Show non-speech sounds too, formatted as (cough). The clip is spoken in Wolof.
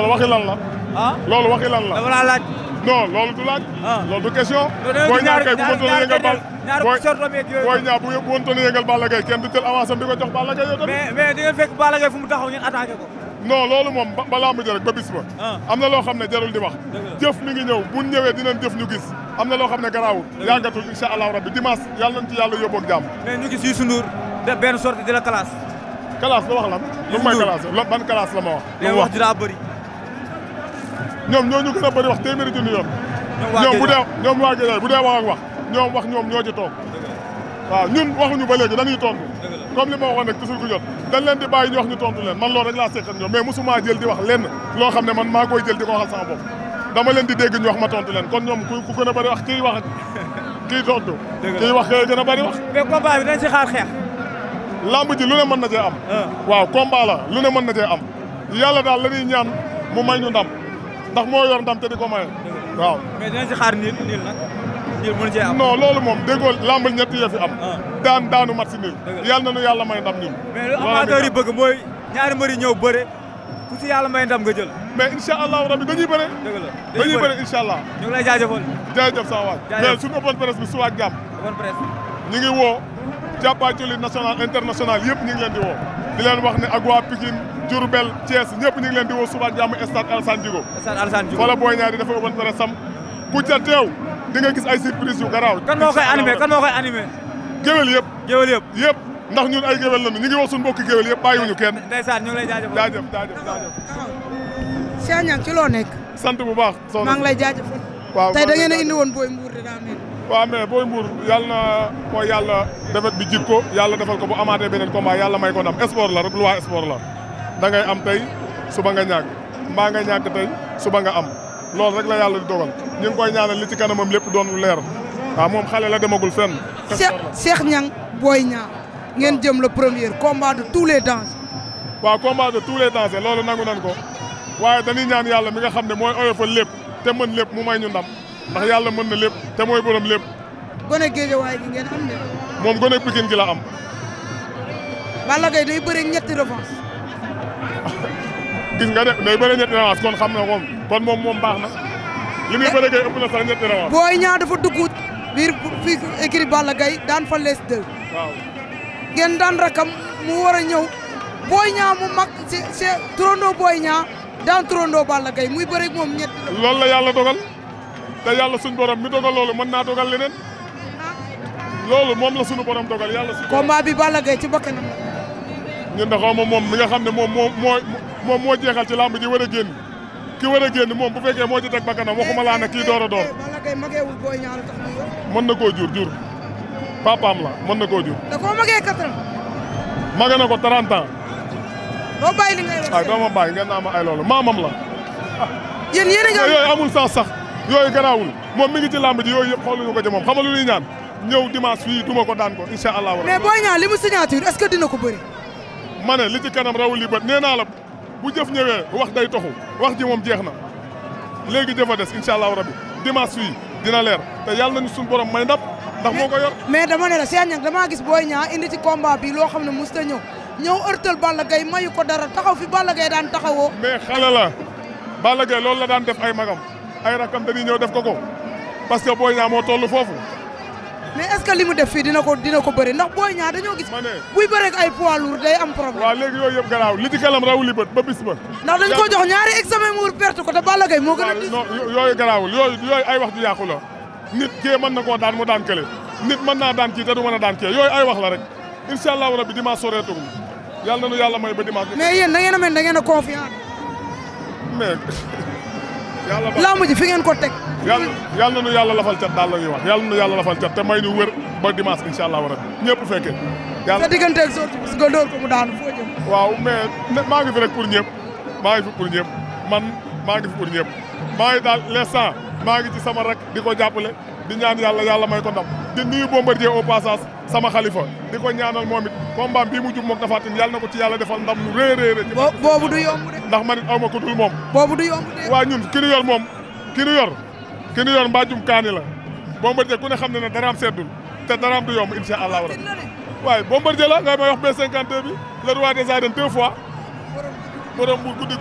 loolu waxi ah? loolu du laaj. Ah. loolu du question. booy ñaar kay bu mëntoon a yëngal bal booy ñaar bu mëntoon a yëngal Balla Gaye kenn du jël avance am di ko jox Balla Gaye yow fekk Balla Gaye fu mu taxaw ngeen attaqué ko. loolu moom ba lamb ja rek ah. am na loo xam ne jarul di wax. jëf mi ñëw bu ñëwee dinañ jëf ñu gis. am na loo xam ne garaawul. yàggatul incha allahu rabbi dimanche yàlla nañ ci yàlla ñu gis Youssou Ndour def benn sortie di la classe. classe la wax lan. la ban classe ñoom ñoo ñu gën a bëri wax téeméeri junni yoon. ñoom bu dee ñoom wax ak wax ñoom ñoo ci toog. waaw ñun waxuñu ba léegi dañuy tontu. comme li ma waxoon rek toujours ku jot. dañ leen di bàyyi ñu wax ñu tontu leen man loolu rek laa seqal ñoom mais mosuma jël di wax leen loo xam ne man maa koy jël di ko waxal sama dama leen di degg ñu wax ma tontu leen kon ñoom ku gën a bëri wax kii wax ak (laughs) kii tontu. kii wax gën a bëri wax. mais combat bi dañ si xeex. lamb ji lu ne man na cee am. Ah. waaw combat la lu ne mën na cee am. yàlla daal la ñuy ñaan mu may ñu ndam ndax moo yor ndam te di ko maye. waaw mais dinañ si xaar niil niil nag. niil mënu cee am non loolu moom déggoo lamb ñett ya fi am. Ah. daan daanu mat si niil. yal na nu yàlla may ndam ñun. mais lu amateur yi bëgg mooy ñaari mbër yi ñëw bëre ku si yàlla may ndam nga jël. mais incha allahu rabi dañuy bëre. dëgg la dañuy bëre incha allah. ñu ngi lay jaajëfal. jaajëf sama waay. jaajëf mais suñu open presse bi suba ak ngi woo jàppaaculi national international yëpp ñu ngi leen di woo di leen wax ne ak waa Pikine Diourbel Thiès ñëpp leen di woo suba jàmm stade Alassane Djigo. stade Alassane Djigo fa la Boy sam ku teew di nga gis ay surprise yu garaaw. kan moo koy animé kan moo géwél yëpp géwél yëpp yëpp. ndax ñun ay géwél lañu ñu ngi wax suñu mbokki géwél yëpp bàyyiwuñu kenn. ndeysaan ñu ngi a jaajëfal jaajëf jaajëf jaajëf. loo nekk. sant bu baax. soxna maa ngi lay jaajëfal. waaw tey da indi woon booy mbuur waaw mais Boy Mbour yàlla na ko yàlla defet bi jik ko yàlla defal ko bu amaatee beneen combat yàlla may ko ndam sport la rek lu waa sport la da ngay am tey suba nga ñàkk mbaa nga ñàkk tey suba nga am loolu rek la yàlla di dogal ñu ngi koy ñaanal li ci kanamam lépp doon leer waaw moom xale la demagul fenn. Cheikh Niang Boy Niang ngeen jëm le premier combat de tous les dangers. waaw combat de tous les dangers loolu nangu nan ko waaye dañuy ñaan yàlla mi nga xam ne mooy oyofal lépp te mën lépp mu may ñu ndam. ndax yàlla mën na lépp te mooy borom lépp. gone géejawaay gi ngeen am de. moom gone Pikine gi la am. Balla Gaye day bëre ñetti revanche. gis nga de day bëre ñetti revanche kon xam na moom kon moom moom baax na. li muy eh. bëre Gaye ëpp na sax ñetti revanche. Boy Niang dafa dugg biir fii écrit Balla Gaye daan fa les deux. waaw daan rakam mu war a ñëw. Boy Niang mu mag c'est c'est turandoo Boy Niang daan turandoo Balla Gaye muy bëre moom ñetti. loolu la yàlla dogal. te yàlla suñ borom mi dogal loolu mën naa dogal leneen loolu moom la suñu borom dogal yàlla suñ combat bi Balla Gaye ci bakkanam ñun de xaw ma moom mi nga xam ne moom moo moo moom moo jeexal ci làmb ji war a génn ki war a génn moom bu fekkee moo ci teg bakkanam waxuma laa ne kii door a door mën na koo jur jur papaam la mën na koo jur da koo magee quatre na ko 30 ans doo bàyyi li ngay ay doo ma bàyyi yéen yéen a sax yooyu garaawul moom mi ngi ci làmb yooyu yëpp xooluñu ko ci moom xam nga lu ñuy ñaan ñëw dimanche fii duma ko daan ko incha allah. mais Boy Niang li mu signature est-ce que dina ko bëri. ma ne li ci kanam rawu bët nee bu jëf ñëwee wax day toxu wax ji moom jeex na léegi jëfa des incha allah rabi dimanche fii dina leer te yàlla nañu suñu borom may ndap ndax moo ko yor. mais dama ne la Cheikh Niang damaa gis Boy Niang indi ci combat bi loo xam ne mosut a ñëw ñëw ërtal Balla Gaye mayu ko dara taxaw fi Balla Gaye daan taxawoo. mais xale la Balla loolu la daan def ay magam ay rakam dañuy ñëw def ko ko parce que Boy Niang moo toll foofu. mais est def fii dina ko dina ko bëri ndax Boy Niang dañoo gis. ma ne buy bëree ay poids lourd day am problème. waaw léegi yooyu yëpp garaaw li ci kalam rawu li bët ba bis ndax dañ ko jox ñaari examen mu perte ko te Balla Gaye moo gën a. non yooyu garaawul yooyu yooyu ay wax ju yàqu la nit kee mën na koo daan mu daan kële nit mën naa daan kii te du mën a daan kee yooyu ay wax la rek incha allahu rabi dimanche soreetugul yàlla na nu a mel da ngeen a (laughs) lamb ji fi ngeen ko teg. yàlla yàlla nu yàlla lafal cat daal la ñuy wax yàlla nu yàlla lafal cat te may nu wér ba dimanche incha allah rabbi ñëpp fekkee. yàlla sa digganteeg sorti bis nga door ko mu daanu foo jëm. waaw mais maa ngi fi rek pour ñëpp maa ngi fi pour ñëpp man maa ngi fi pour ñëpp maa ngi daal l'instant maa ngi ci sama rak di ko jàppale di ñaan yàlla yàlla may ko ndam di nuyu Bombardier au passage sama xalifa di ko ñaanal moom it combat bii mu jub moog Tapha Tine yàlla na ko ci yàlla defal ndam lu rëy rëy rëy boobu du yomb ndax man it aw ma ko moom boobu du yomb de waa ñun ki yor moom ki yor ki ñu yor kaani la Bombardier ku ne xam ne ne daraam seddul te daraam du yomb insha allahu rabbi waaye Bombardier la ngay may wax B52 bi le roi des arènes deux fois borom guddi